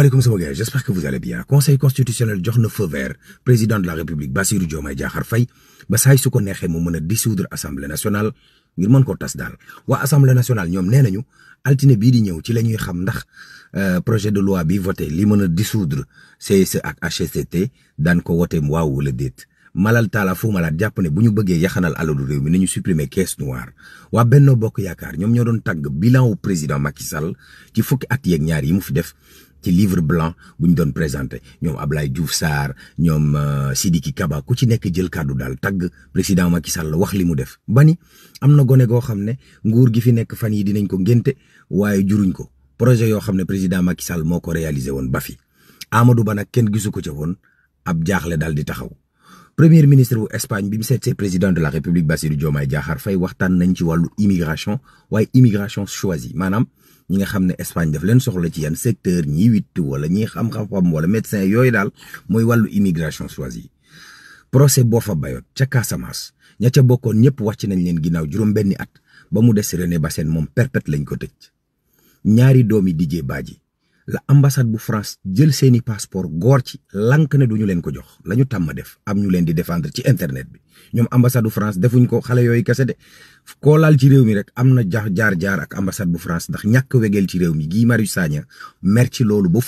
asalaamaaleykum sama gars j'espère que vous allez bien conseil constitutionnel jox feu vert président de la république Bassirou Diomaye Diakhar Faye ba say su ko nexé mo meuna dissoudre assemblée nationale ngir mon ko tass dal. Wa assemblée nationale ñom nee altiné altine di ñew ci lañuy xam ndax euh, projet de loi bi voté li meuna dissoudre CSE ak HCCT daan ko wote waaw wala déet malal taala fu malaat japp ne buñu bëggé yaxanal alalu rew mi nañu supprimer caisse noire Wa Benno Bokk Yaakaar ñom ñoo doon bilan au président Macky Sall ci fukk at yeeg ñaar yi mu fi def ci livre blanc buñ ñu doon présenté ñoom Ablaye Diouf sar ñom euh, Sidiki Kaba ku ci nek jël cadeau dal tag président Macky Sall wax li mu def. bani amna na gone goo xam nguur gi fi nek fan yi dinañ ko ngenté waye juruñ ko projet yo xamné président Macky Sall moo ko réalisé Amadou bana ken gisuko ci won ab dal di taxaw. premier ministre bu Espagne bi mu seetsee président de la république Bassirou Diomaye Diakhar fay waxtan nañ ci walu immigration waye immigration choisie manam ñi nga xam ne Espagne daf leen soxla ci yan secteur ñi witt wala ñi xam-xam wala médecin yooyu daal mooy wàllu immigration choisie procès boo fa bayoon ca Casamance ña ca bokkoon ñëpp wàcc nañ leen ginnaaw juróom-benni at ba mu des René Bassène moom perpète lañ ko tëj ñaari doomi Didier Badji la ambassade bu France jël seeni passeport gor ci lank ne duñu len ko jox lañu tam def am ñu len di défendre ci internet bi ñom ambassade bu France defuñ ko xalé yoy kasse de ko laal ci rew mi rek amna jax jaar jaar ak ambassade bu France ndax ñak wegeel ci rew mi gi mari Sagna mer ci lolu ba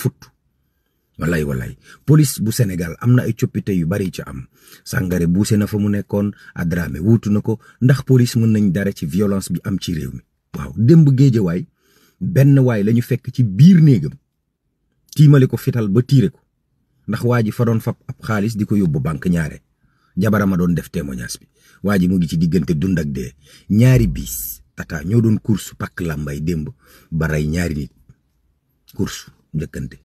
walay walay police bu Senegal, amna ay ciopité yu bari ci am sangare bu na fa mu nekkon adrame wutunoko, na polis ndax police mën nañ dara ci violence bi am ci rew mi waaw démb way ben way lañu fekk ci bir neegam tiimale ko fital ba tiire ko ndax waa ji fa doon fab ab xaalis di ko yóbbu banque ñaare jabara ma doon def témoignage bi waa ji mu ngi ci diggante dund ak dee ñaari biis tata ñoo doon course pakk làmbay démb ba ñaari nit course njëkkante